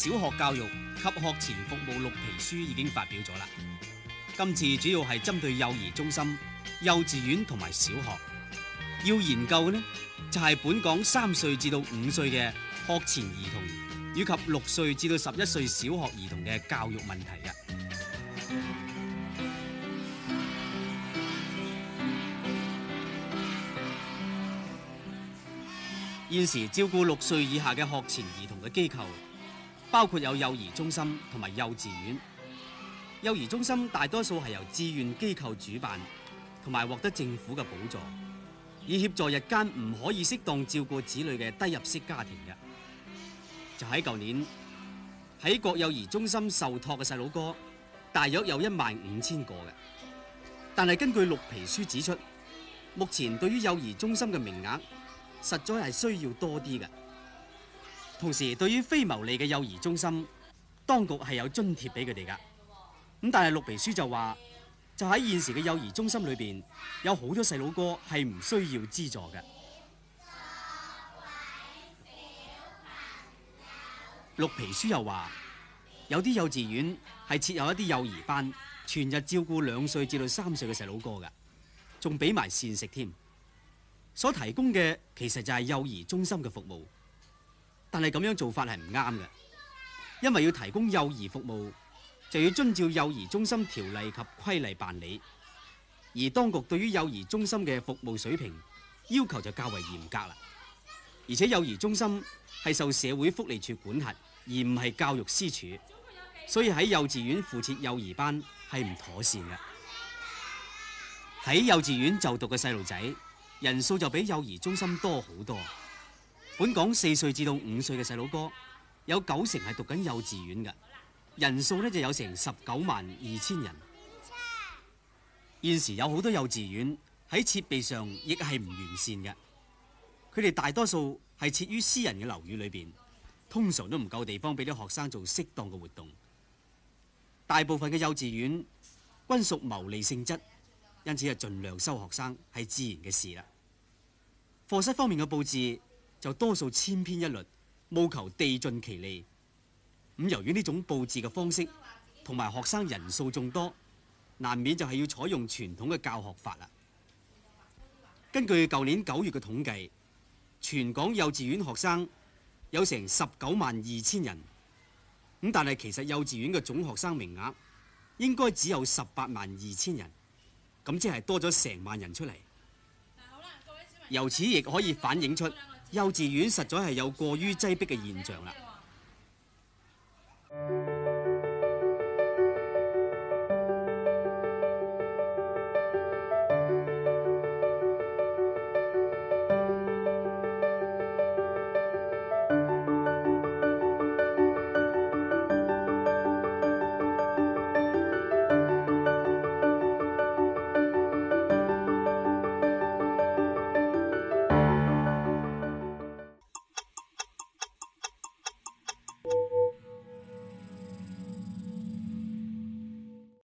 小學教育及學前服務綠皮書已經發表咗啦。今次主要係針對幼兒中心、幼稚園同埋小學要研究嘅呢，就係本港三歲至到五歲嘅學前兒童，以及六歲至到十一歲小學兒童嘅教育問題啊。現時照顧六歲以下嘅學前兒童嘅機構。包括有幼兒中心同埋幼稚園幼兒中心大多數係由志願機構主辦同埋獲得政府嘅補助，以協助日間唔可以適當照顧子女嘅低入息家庭嘅。就喺舊年喺各幼兒中心受托嘅細佬哥，大約有一萬五千個嘅。但係根據綠皮書指出，目前對於幼兒中心嘅名額實在係需要多啲嘅。同時，對於非牟利嘅幼兒中心，當局係有津貼俾佢哋㗎。咁但係綠皮書就話，就喺現時嘅幼兒中心裏邊，有好多細佬哥係唔需要資助嘅。綠皮書又話，有啲幼稚園係設有一啲幼兒班，全日照顧兩歲至到三歲嘅細佬哥㗎，仲俾埋膳食添。所提供嘅其實就係幼兒中心嘅服務。但係咁樣做法係唔啱嘅，因為要提供幼兒服務，就要遵照《幼兒中心條例及規例》辦理。而當局對於幼兒中心嘅服務水平要求就較為嚴格啦。而且幼兒中心係受社會福利處管轄，而唔係教育司署，所以喺幼稚園附設幼兒班係唔妥善嘅。喺幼稚園就讀嘅細路仔人數就比幼兒中心多好多。本港四歲至到五歲嘅細佬哥有九成係讀緊幼稚園嘅人數呢，就有成十九萬二千人。現時有好多幼稚園喺設備上亦係唔完善嘅，佢哋大多數係設於私人嘅樓宇裏邊，通常都唔夠地方俾啲學生做適當嘅活動。大部分嘅幼稚園均屬牟利性質，因此係盡量收學生係自然嘅事啦。課室方面嘅佈置。就多數千篇一律，務求地盡其利。咁由於呢種佈置嘅方式，同埋學生人數眾多，難免就係要採用傳統嘅教學法啦。根據舊年九月嘅統計，全港幼稚園學生有成十九萬二千人。咁但係其實幼稚園嘅總學生名額應該只有十八萬二千人，咁即係多咗成萬人出嚟。由此亦可以反映出。幼稚園實在係有過於擠迫嘅現象啦。